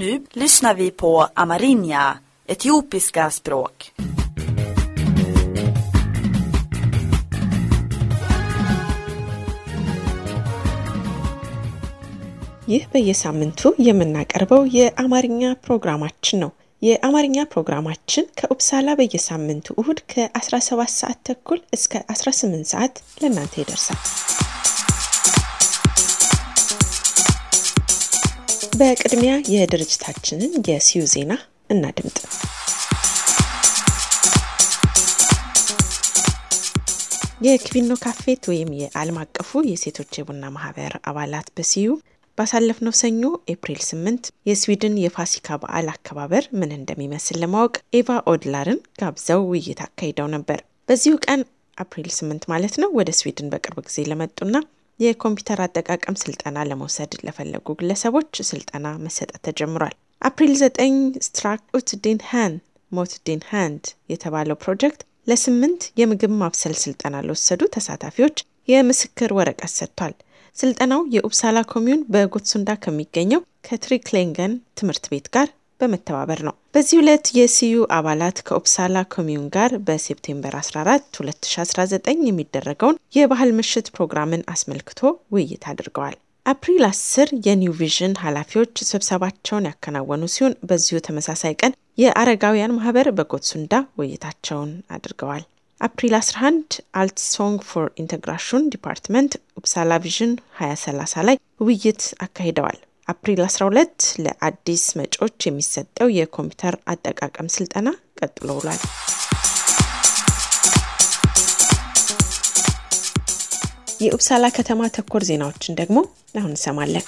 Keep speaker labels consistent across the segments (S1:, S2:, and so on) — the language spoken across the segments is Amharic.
S1: Nu lyssnar vi på Amarinja, etiopiska språk. ይህ በየሳምንቱ የምናቀርበው የአማርኛ ፕሮግራማችን ነው። የአማርኛ ፕሮግራማችን ከኡፕሳላ በየሳምንቱ እሁድ ከ17 ሰዓት ተኩል እስከ 18 ሰዓት ለእናንተ ይደርሳል። በቅድሚያ የድርጅታችንን የሲዩ ዜና እናድምጥ። የክቪኖ ካፌት ወይም የዓለም አቀፉ የሴቶች የቡና ማህበር አባላት በሲዩ ባሳለፍነው ሰኞ ኤፕሪል 8 የስዊድን የፋሲካ በዓል አከባበር ምን እንደሚመስል ለማወቅ ኤቫ ኦድላርን ጋብዘው ውይይት አካሂደው ነበር። በዚሁ ቀን አፕሪል 8 ማለት ነው። ወደ ስዊድን በቅርብ ጊዜ ለመጡና የኮምፒውተር አጠቃቀም ስልጠና ለመውሰድ ለፈለጉ ግለሰቦች ስልጠና መሰጠት ተጀምሯል። አፕሪል 9 ስትራክ ኡት ዲን ሃን ሞት ዲን ሃንድ የተባለው ፕሮጀክት ለስምንት የምግብ ማብሰል ስልጠና ለወሰዱ ተሳታፊዎች የምስክር ወረቀት ሰጥቷል። ስልጠናው የኡፕሳላ ኮሚዩን በጎትሱንዳ ከሚገኘው ከትሪክሌንገን ትምህርት ቤት ጋር በመተባበር ነው። በዚህ ሁለት የሲዩ አባላት ከኦፕሳላ ኮሚዩን ጋር በሴፕቴምበር 14 2019 የሚደረገውን የባህል ምሽት ፕሮግራምን አስመልክቶ ውይይት አድርገዋል። አፕሪል 10 የኒው ቪዥን ኃላፊዎች ስብሰባቸውን ያከናወኑ ሲሆን በዚሁ ተመሳሳይ ቀን የአረጋውያን ማህበር በጎትሱንዳ ውይይታቸውን አድርገዋል። አፕሪል 11 አልት ሶንግ ፎር ኢንተግራሽን ዲፓርትመንት ኡፕሳላ ቪዥን 2030 ላይ ውይይት አካሂደዋል። አፕሪል 12 ለአዲስ መጪዎች የሚሰጠው የኮምፒውተር አጠቃቀም ስልጠና ቀጥሎ ውሏል። የኡፕሳላ ከተማ ተኮር ዜናዎችን ደግሞ አሁን እንሰማለን።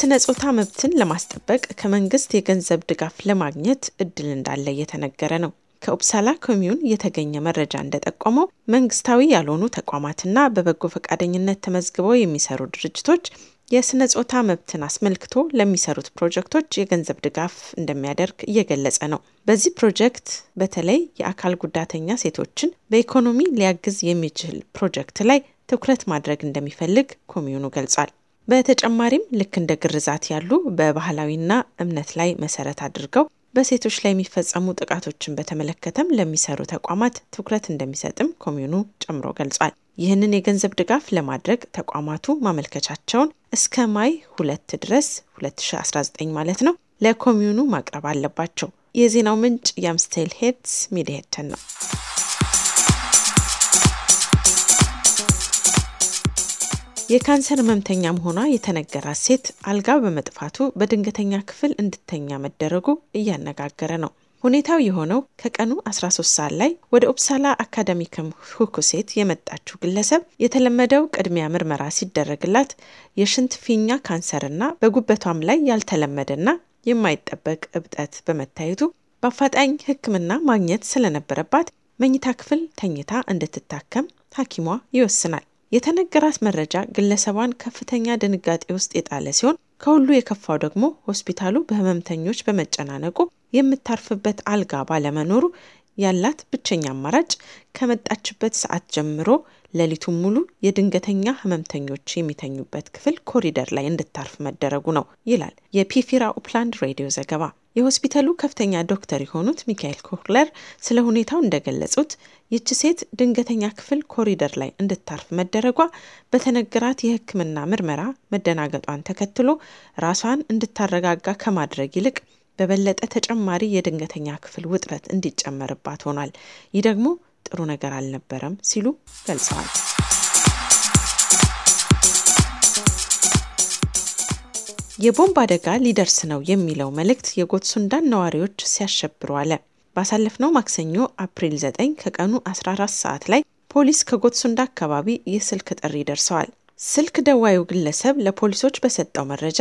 S1: ስነ ጾታ መብትን ለማስጠበቅ ከመንግስት የገንዘብ ድጋፍ ለማግኘት እድል እንዳለ እየተነገረ ነው። ከኡፕሳላ ኮሚዩን የተገኘ መረጃ እንደጠቆመው መንግስታዊ ያልሆኑ ተቋማትና በበጎ ፈቃደኝነት ተመዝግበው የሚሰሩ ድርጅቶች የስነ ጾታ መብትን አስመልክቶ ለሚሰሩት ፕሮጀክቶች የገንዘብ ድጋፍ እንደሚያደርግ እየገለጸ ነው። በዚህ ፕሮጀክት በተለይ የአካል ጉዳተኛ ሴቶችን በኢኮኖሚ ሊያግዝ የሚችል ፕሮጀክት ላይ ትኩረት ማድረግ እንደሚፈልግ ኮሚዩኑ ገልጿል። በተጨማሪም ልክ እንደ ግርዛት ያሉ በባህላዊና እምነት ላይ መሰረት አድርገው በሴቶች ላይ የሚፈጸሙ ጥቃቶችን በተመለከተም ለሚሰሩ ተቋማት ትኩረት እንደሚሰጥም ኮሚኑ ጨምሮ ገልጿል። ይህንን የገንዘብ ድጋፍ ለማድረግ ተቋማቱ ማመልከቻቸውን እስከ ማይ ሁለት ድረስ 2019 ማለት ነው ለኮሚኑ ማቅረብ አለባቸው። የዜናው ምንጭ የአምስቴል ሄድስ ሚድሄተን ነው። የካንሰር ህመምተኛ መሆኗ የተነገራት ሴት አልጋ በመጥፋቱ በድንገተኛ ክፍል እንድተኛ መደረጉ እያነጋገረ ነው። ሁኔታው የሆነው ከቀኑ 13 ሰዓት ላይ ወደ ኡፕሳላ ሁኩ ሴት የመጣችው ግለሰብ የተለመደው ቅድሚያ ምርመራ ሲደረግላት የሽንት ፊኛ ካንሰርና በጉበቷም ላይ ያልተለመደና የማይጠበቅ እብጠት በመታየቱ በአፋጣኝ ሕክምና ማግኘት ስለነበረባት መኝታ ክፍል ተኝታ እንድትታከም ሐኪሟ ይወስናል። የተነገራት መረጃ ግለሰቧን ከፍተኛ ድንጋጤ ውስጥ የጣለ ሲሆን ከሁሉ የከፋው ደግሞ ሆስፒታሉ በህመምተኞች በመጨናነቁ የምታርፍበት አልጋ ባለመኖሩ ያላት ብቸኛ አማራጭ ከመጣችበት ሰዓት ጀምሮ ሌሊቱ ሙሉ የድንገተኛ ህመምተኞች የሚተኙበት ክፍል ኮሪደር ላይ እንድታርፍ መደረጉ ነው ይላል የፒፊራ ኡፕላንድ ሬዲዮ ዘገባ። የሆስፒታሉ ከፍተኛ ዶክተር የሆኑት ሚካኤል ኮክለር ስለ ሁኔታው እንደገለጹት ይቺ ሴት ድንገተኛ ክፍል ኮሪደር ላይ እንድታርፍ መደረጓ በተነገራት የሕክምና ምርመራ መደናገጧን ተከትሎ ራሷን እንድታረጋጋ ከማድረግ ይልቅ በበለጠ ተጨማሪ የድንገተኛ ክፍል ውጥረት እንዲጨመርባት ሆኗል። ይህ ደግሞ ጥሩ ነገር አልነበረም ሲሉ ገልጸዋል። የቦምብ አደጋ ሊደርስ ነው የሚለው መልእክት የጎትሱንዳን ነዋሪዎች ሲያሸብሩ አለ። ባሳለፍነው ማክሰኞ አፕሪል 9 ከቀኑ 14 ሰዓት ላይ ፖሊስ ከጎትሱንዳ አካባቢ የስልክ ጥሪ ደርሰዋል። ስልክ ደዋዩ ግለሰብ ለፖሊሶች በሰጠው መረጃ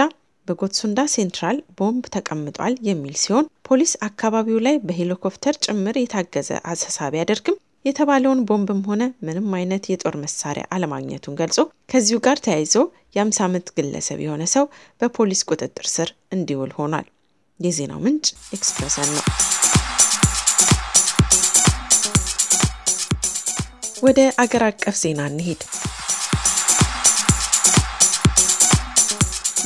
S1: በጎትሱንዳ ሴንትራል ቦምብ ተቀምጧል የሚል ሲሆን ፖሊስ አካባቢው ላይ በሄሊኮፕተር ጭምር የታገዘ አሰሳ ቢያደርግም የተባለውን ቦምብም ሆነ ምንም አይነት የጦር መሳሪያ አለማግኘቱን ገልጾ ከዚሁ ጋር ተያይዞ የ50 ዓመት ግለሰብ የሆነ ሰው በፖሊስ ቁጥጥር ስር እንዲውል ሆኗል። የዜናው ምንጭ ኤክስፕረሰን ነው። ወደ አገር አቀፍ ዜና እንሄድ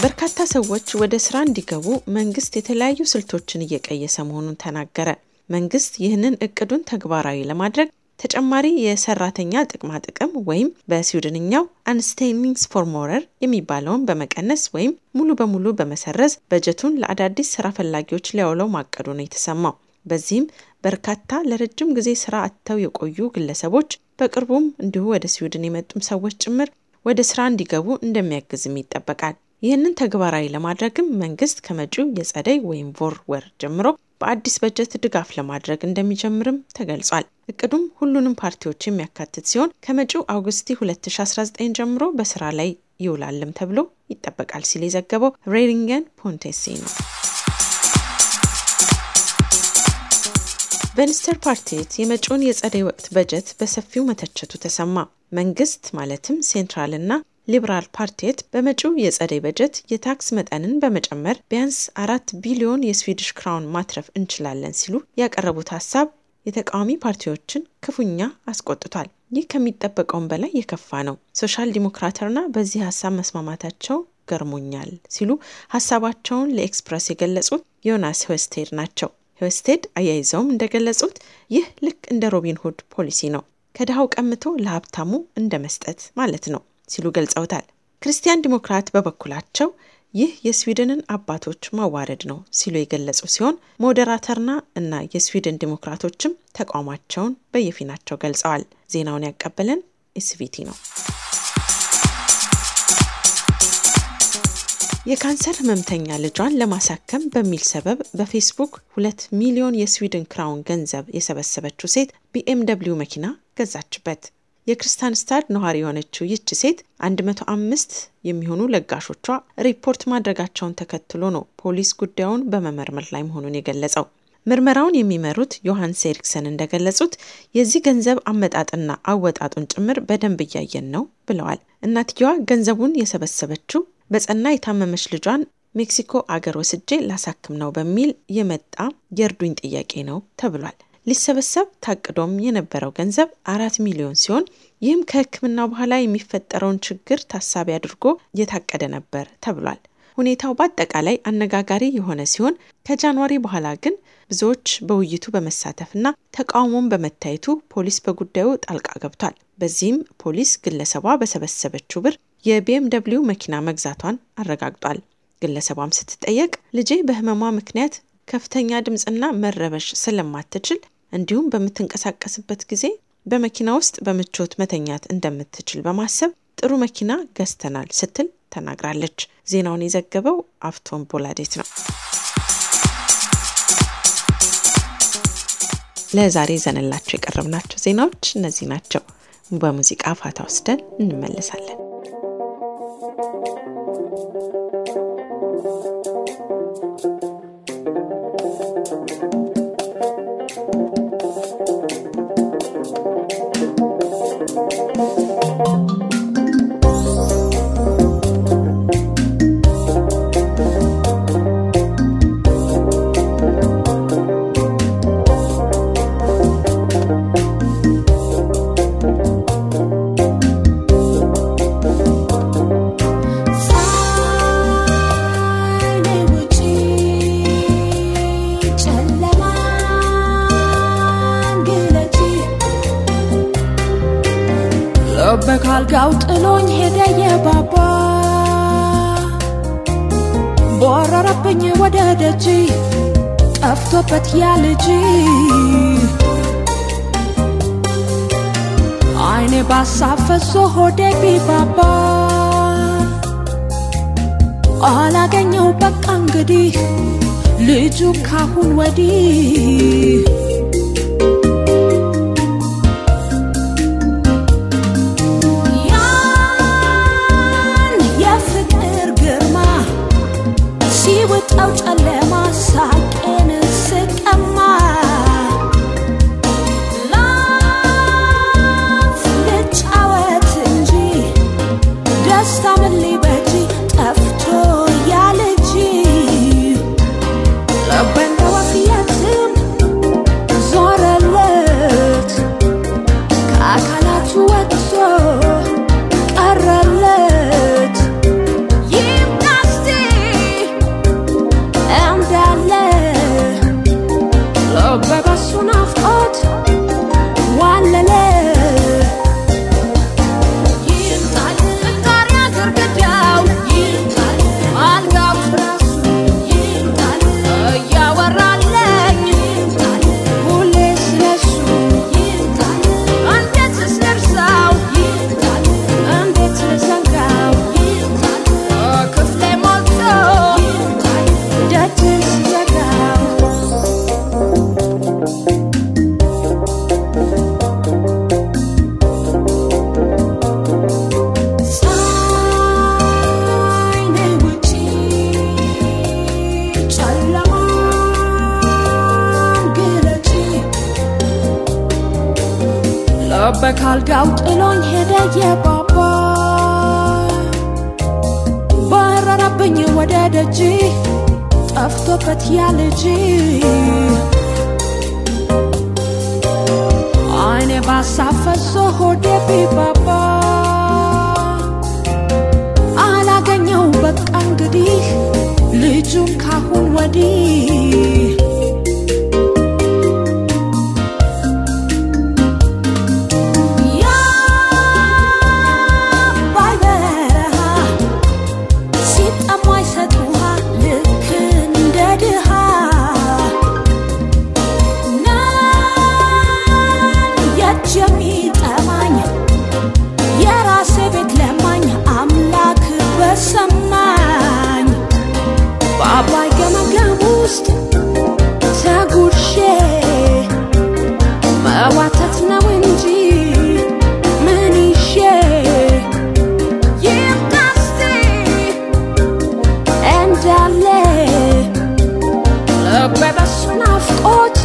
S1: በርካታ ሰዎች ወደ ስራ እንዲገቡ መንግስት የተለያዩ ስልቶችን እየቀየሰ መሆኑን ተናገረ። መንግስት ይህንን እቅዱን ተግባራዊ ለማድረግ ተጨማሪ የሰራተኛ ጥቅማ ጥቅም ወይም በስዊድንኛው አንስቴኒንግስ ፎርሞረር የሚባለውን በመቀነስ ወይም ሙሉ በሙሉ በመሰረዝ በጀቱን ለአዳዲስ ስራ ፈላጊዎች ሊያውለው ማቀዱ ነው የተሰማው። በዚህም በርካታ ለረጅም ጊዜ ስራ አጥተው የቆዩ ግለሰቦች፣ በቅርቡም እንዲሁ ወደ ስዊድን የመጡም ሰዎች ጭምር ወደ ስራ እንዲገቡ እንደሚያግዝም ይጠበቃል። ይህንን ተግባራዊ ለማድረግም መንግስት ከመጪው የጸደይ ወይም ቦር ወር ጀምሮ በአዲስ በጀት ድጋፍ ለማድረግ እንደሚጀምርም ተገልጿል። እቅዱም ሁሉንም ፓርቲዎች የሚያካትት ሲሆን ከመጪው አውግስቲ 2019 ጀምሮ በስራ ላይ ይውላልም ተብሎ ይጠበቃል ሲል የዘገበው ሬሪንገን ፖንቴሲ ነው። ቬንስተር ፓርቲት የመጪውን የጸደይ ወቅት በጀት በሰፊው መተቸቱ ተሰማ። መንግስት ማለትም ሴንትራልና ሊበራል ፓርቲት በመጪው የጸደይ በጀት የታክስ መጠንን በመጨመር ቢያንስ አራት ቢሊዮን የስዊድሽ ክራውን ማትረፍ እንችላለን ሲሉ ያቀረቡት ሀሳብ የተቃዋሚ ፓርቲዎችን ክፉኛ አስቆጥቷል። ይህ ከሚጠበቀውም በላይ የከፋ ነው። ሶሻል ዲሞክራተርና በዚህ ሀሳብ መስማማታቸው ገርሞኛል ሲሉ ሀሳባቸውን ለኤክስፕረስ የገለጹት ዮናስ ህወስቴድ ናቸው። ህወስቴድ አያይዘውም እንደገለጹት ይህ ልክ እንደ ሮቢን ሁድ ፖሊሲ ነው። ከድሃው ቀምቶ ለሀብታሙ እንደ መስጠት ማለት ነው። ሲሉ ገልጸውታል። ክርስቲያን ዲሞክራት በበኩላቸው ይህ የስዊድንን አባቶች ማዋረድ ነው ሲሉ የገለጹ ሲሆን ሞዴራተርና እና የስዊድን ዲሞክራቶችም ተቃውሟቸውን በየፊናቸው ገልጸዋል። ዜናውን ያቀበለን ኤስቪቲ ነው። የካንሰር ህመምተኛ ልጇን ለማሳከም በሚል ሰበብ በፌስቡክ ሁለት ሚሊዮን የስዊድን ክራውን ገንዘብ የሰበሰበችው ሴት ቢኤምደብሊው መኪና ገዛችበት። የክርስቲያን ስታድ ነዋሪ የሆነችው ይህች ሴት 105 የሚሆኑ ለጋሾቿ ሪፖርት ማድረጋቸውን ተከትሎ ነው ፖሊስ ጉዳዩን በመመርመር ላይ መሆኑን የገለጸው። ምርመራውን የሚመሩት ዮሐንስ ኤሪክሰን እንደገለጹት የዚህ ገንዘብ አመጣጥና አወጣጡን ጭምር በደንብ እያየን ነው ብለዋል። እናትየዋ ገንዘቡን የሰበሰበችው በጸና የታመመች ልጇን ሜክሲኮ አገር ወስጄ ላሳክም ነው በሚል የመጣ የእርዱኝ ጥያቄ ነው ተብሏል። ሊሰበሰብ ታቅዶም የነበረው ገንዘብ አራት ሚሊዮን ሲሆን ይህም ከህክምና በኋላ የሚፈጠረውን ችግር ታሳቢ አድርጎ የታቀደ ነበር ተብሏል። ሁኔታው በአጠቃላይ አነጋጋሪ የሆነ ሲሆን ከጃንዋሪ በኋላ ግን ብዙዎች በውይይቱ በመሳተፍና ተቃውሞን በመታየቱ ፖሊስ በጉዳዩ ጣልቃ ገብቷል። በዚህም ፖሊስ ግለሰቧ በሰበሰበችው ብር የቢኤምደብሊው መኪና መግዛቷን አረጋግጧል። ግለሰቧም ስትጠየቅ ልጄ በህመሟ ምክንያት ከፍተኛ ድምፅና መረበሽ ስለማትችል እንዲሁም በምትንቀሳቀስበት ጊዜ በመኪና ውስጥ በምቾት መተኛት እንደምትችል በማሰብ ጥሩ መኪና ገዝተናል ስትል ተናግራለች። ዜናውን የዘገበው አፍቶን ቦላዴት ነው። ለዛሬ ዘንላቸው የቀረብናቸው ዜናዎች እነዚህ ናቸው። በሙዚቃ ፋታ ወስደን እንመለሳለን።
S2: አላገኘው በቃ እንግዲህ ልጁ ካሁን ወዲህ አዞ ሆዴ ቢባባ አላገኘው በቃ እንግዲህ ልጁን ካሁን ወዲህ Where the snuff or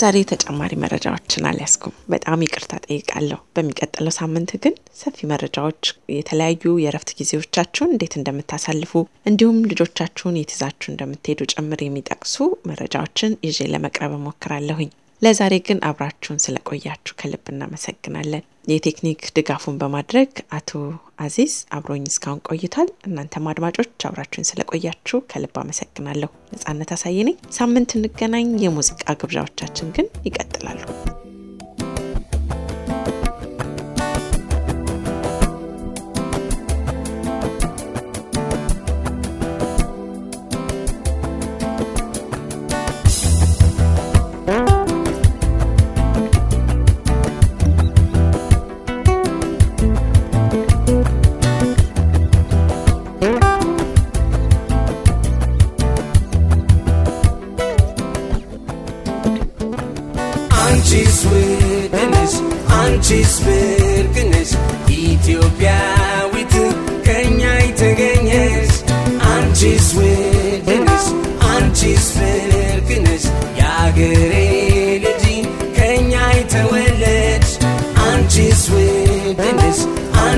S1: ለዛሬ ተጨማሪ መረጃዎችን አልያስኩም በጣም ይቅርታ ጠይቃለሁ። በሚቀጥለው ሳምንት ግን ሰፊ መረጃዎች፣ የተለያዩ የእረፍት ጊዜዎቻችሁን እንዴት እንደምታሳልፉ እንዲሁም ልጆቻችሁን የትዛችሁ እንደምትሄዱ ጭምር የሚጠቅሱ መረጃዎችን ይዤ ለመቅረብ ሞክራለሁኝ ለዛሬ ግን አብራችሁን ስለቆያችሁ ከልብ እናመሰግናለን። የቴክኒክ ድጋፉን በማድረግ አቶ አዚዝ አብሮኝ እስካሁን ቆይቷል። እናንተም አድማጮች አብራችሁን ስለቆያችሁ ከልብ አመሰግናለሁ። ነጻነት አሳየ ነኝ። ሳምንት እንገናኝ። የሙዚቃ ግብዣዎቻችን ግን ይቀጥላሉ።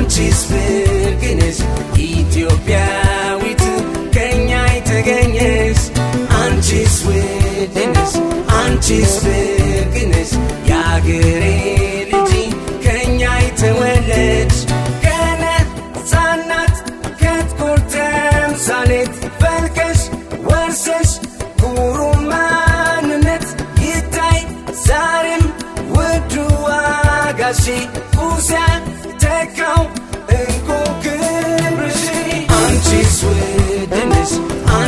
S3: አንቺስ ብርቅንሽ ኢትዮጵያዊት ከኛ የተገኘሽ አንቺስ ውድንሽ አንቺስ ብርቅንሽ የአገሬ ልጅ ከኛ የተወለድሽ ከነፃናት ከጥቁር ተምሳሌት ፈልቀሽ ወርሰሽ ኩሩ ማንነት ይታይ ዛሬም ውዱ ዋጋሽ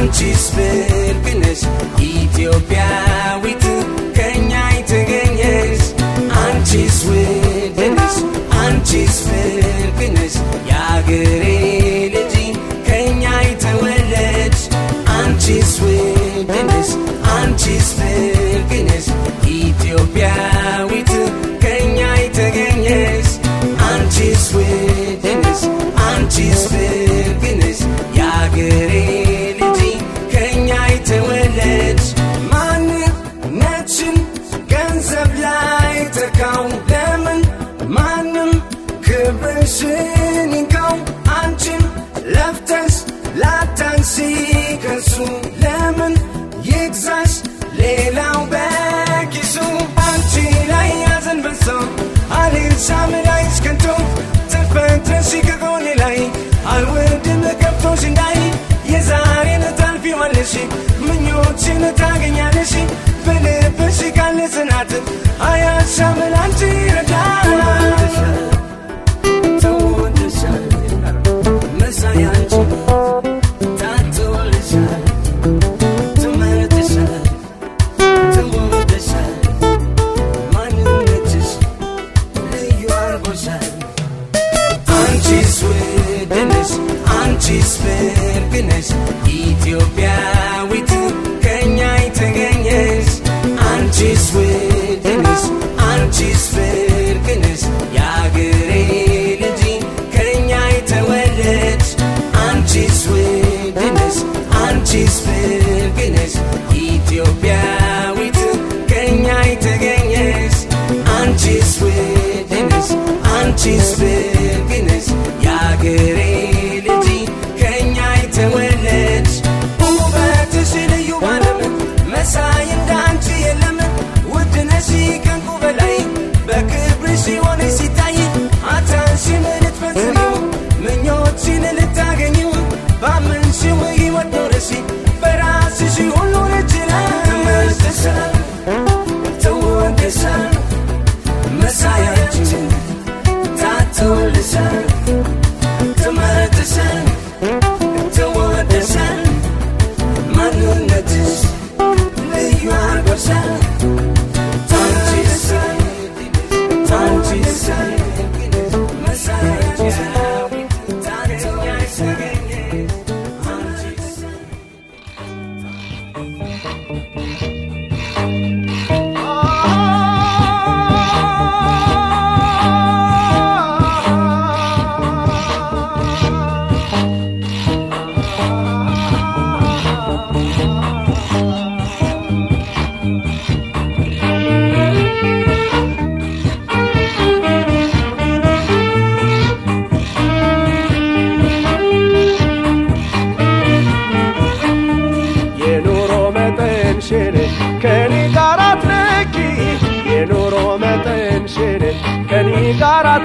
S3: countries will finish. Ethiopia with Kenya it again, yes. Antis will finish. Antis will finish. Yagere ልጂ ከኛ የተወለች አንቺስ will finish. Antis will finish. Ethiopia ታገኛለሽ፣ ምኞችን ታገኛለሽ። በልብሽ ካለ see.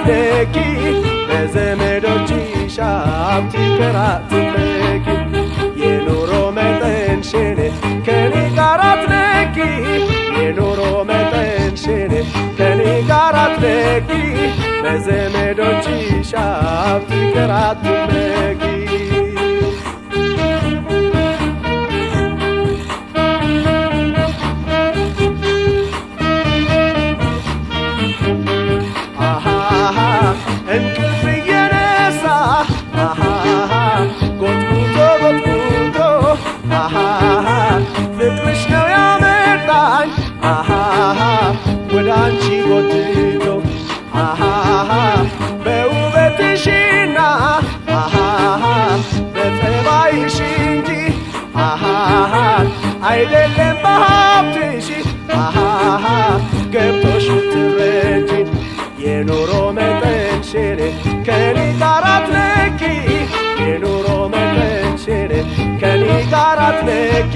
S4: teki Beze medo chisha Abti karatu teki Yenuro meten shene karat neki Yenuro meten shene karat neki Beze medo chisha Abti karatu teki አሃሃ ወደ አንቺ ጎትቶ አሃሃ በውበትሽና አሃሃ በጸባይሽ እንጂ አሃሃ አይደለም በሀብትሽ አሃሃ ገብቶሽ ትረጅን የኑሮ መጠንሽን ከኔ ጋር አትለኪ የኑሮ መጠንሽን ከኔ ጋር አትለኪ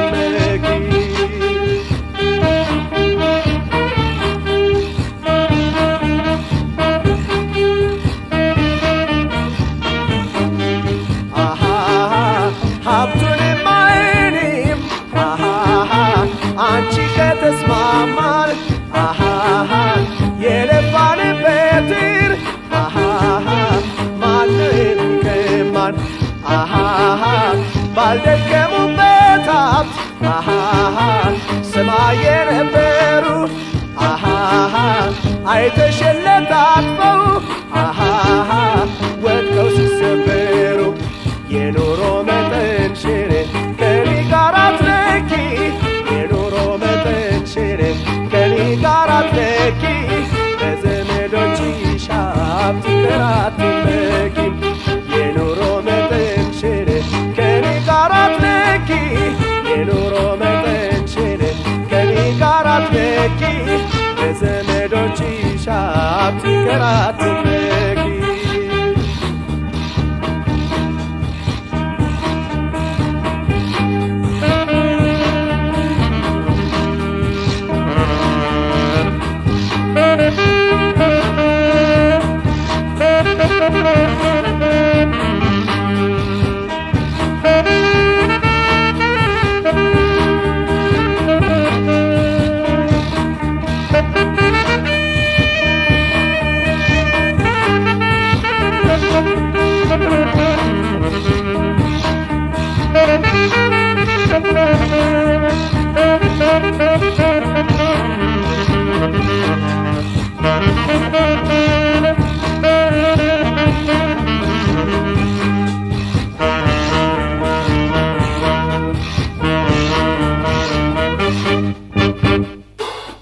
S4: querato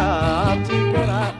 S4: get up.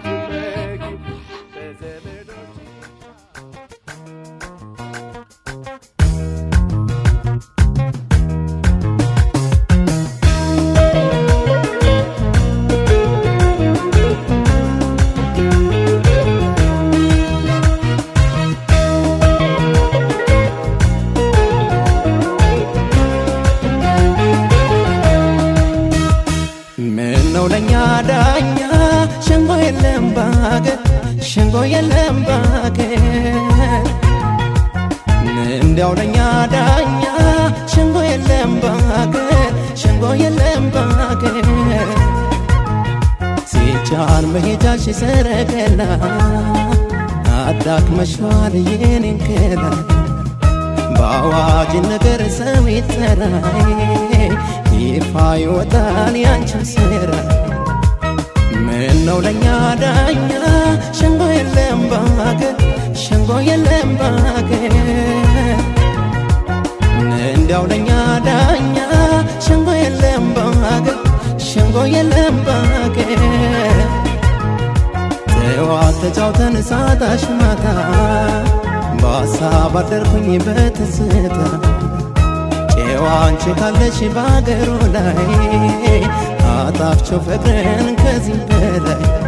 S5: ይፋ ይወጣል ያንቺም ስራ ምን ነው ለእኛ ዳኛ ሸንጎ የለም ባገር ሸንጎ የለም ባገር እንዳው ለእኛ ዳኛ ሸንጎ የለም ባገር ሸንጎ የለም ባገር ጠዋት ተጫውተን ሳታሽ ማታ በሀሳብ አደርኩኝ በትዝታ eu anci calde și bagărul ai Atac ce-o fetă încă zi pe lei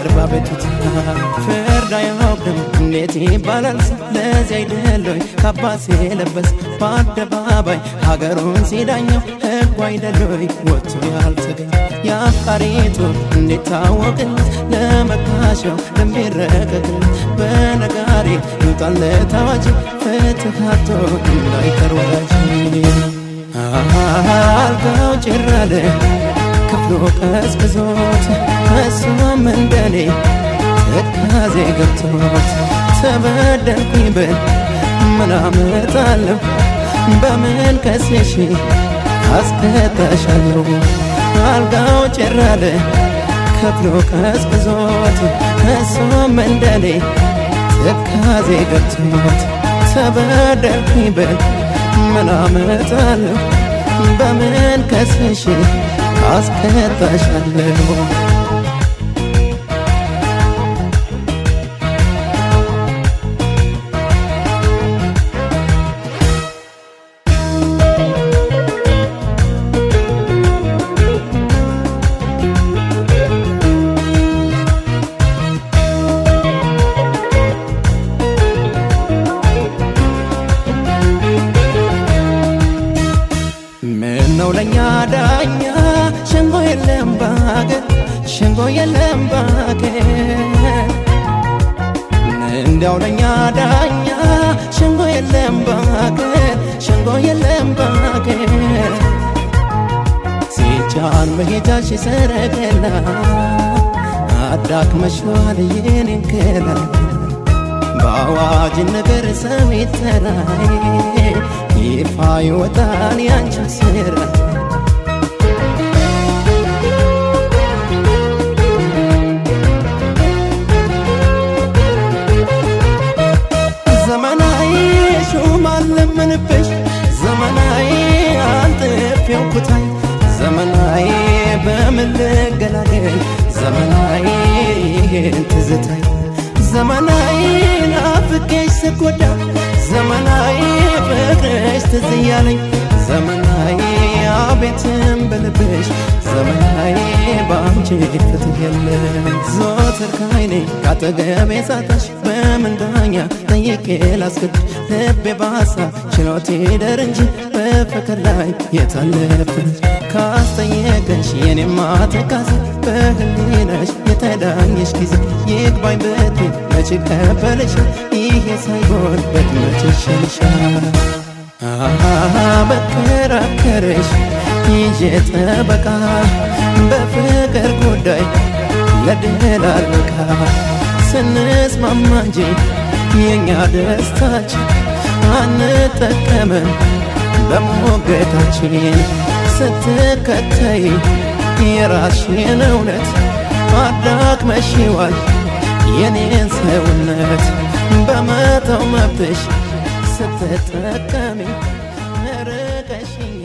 S5: ከርባ በፊትና ፍርድ አያውቅም እንዴት ይባላል ለዚህ አይደለኝ ካባሴ ለበስ በአደባባይ ሀገሩን ሲዳኘው ህጉ አይደለኝ ወጥቶ ያልተገኝ የአፍቃሪቱ እንዴት ታወቅለት ለመካሸው ለሚረቀቅለት በነጋሪ ይውጣለት አዋጅ ፍትህ አጥቶ አልጋው ጭራለ ከፍሎ ቀዝቅዞት እሱም እንደኔ ትካዜ ገብቶት ተበደልኩኝ ብል ምን አመጣለሁ በምን ከሴሽ አስከታሻለሁ አልጋው ጭራለ ከፍሎ ቀዝቅዞት እሱም እንደኔ ትካዜ ገብቶት ተበደልኩኝ ብል ምን አመጣለሁ በምን ከስሼ از که تشنه መሄጃሽ ሰረገላ አዳክመሽዋል የኔን ከላ በአዋጅ ነገር ሰሚ ይፋ ይወጣል ያንቺ ስራ ዘመናዊ ሹም አለምንብሽ ዘመናዊ አንጥፌው ኩታይ ዘመናዊ በምን ልገላገል ዘመናዊ ይሄን ትዝታይ ዘመናዊ ናፍቄሽ ስጎዳ ዘመናዊ ፍቅርሽ ትዝ ዘመናዊ አቤትም በልብሽ ዘመናዊ በአንቺ ፍትህ የለም ዞትር ካይኔ ካጠገቤ ሳታሽ በምን ዳኛ ጠይቄ ላስገድሽ ልቤ ባሳ ችሎት ይደር እንጂ በፍቅር ላይ የታለፍሽ ካስጠየቀሽ የኔማ ተካሰ በህሊናሽ የተዳኘሽ ጊዜ ይግባኝ ብትይ መች ቀበልሻል ይሄ ሳይሆን በድመችሽ መከራከረሽ ይዤ ጠበቃ በፍቅር ጉዳይ ለድል አልበቃ ስንስማማ እንጂ የእኛ ደስታችን አንጠቀምን በሞገታችን ስትከተይ የራስሽን እውነት አዳክመሽዋል የኔን ሰውነት በመተው መብትሽ ስትጠቀሚ ርቀሽኝ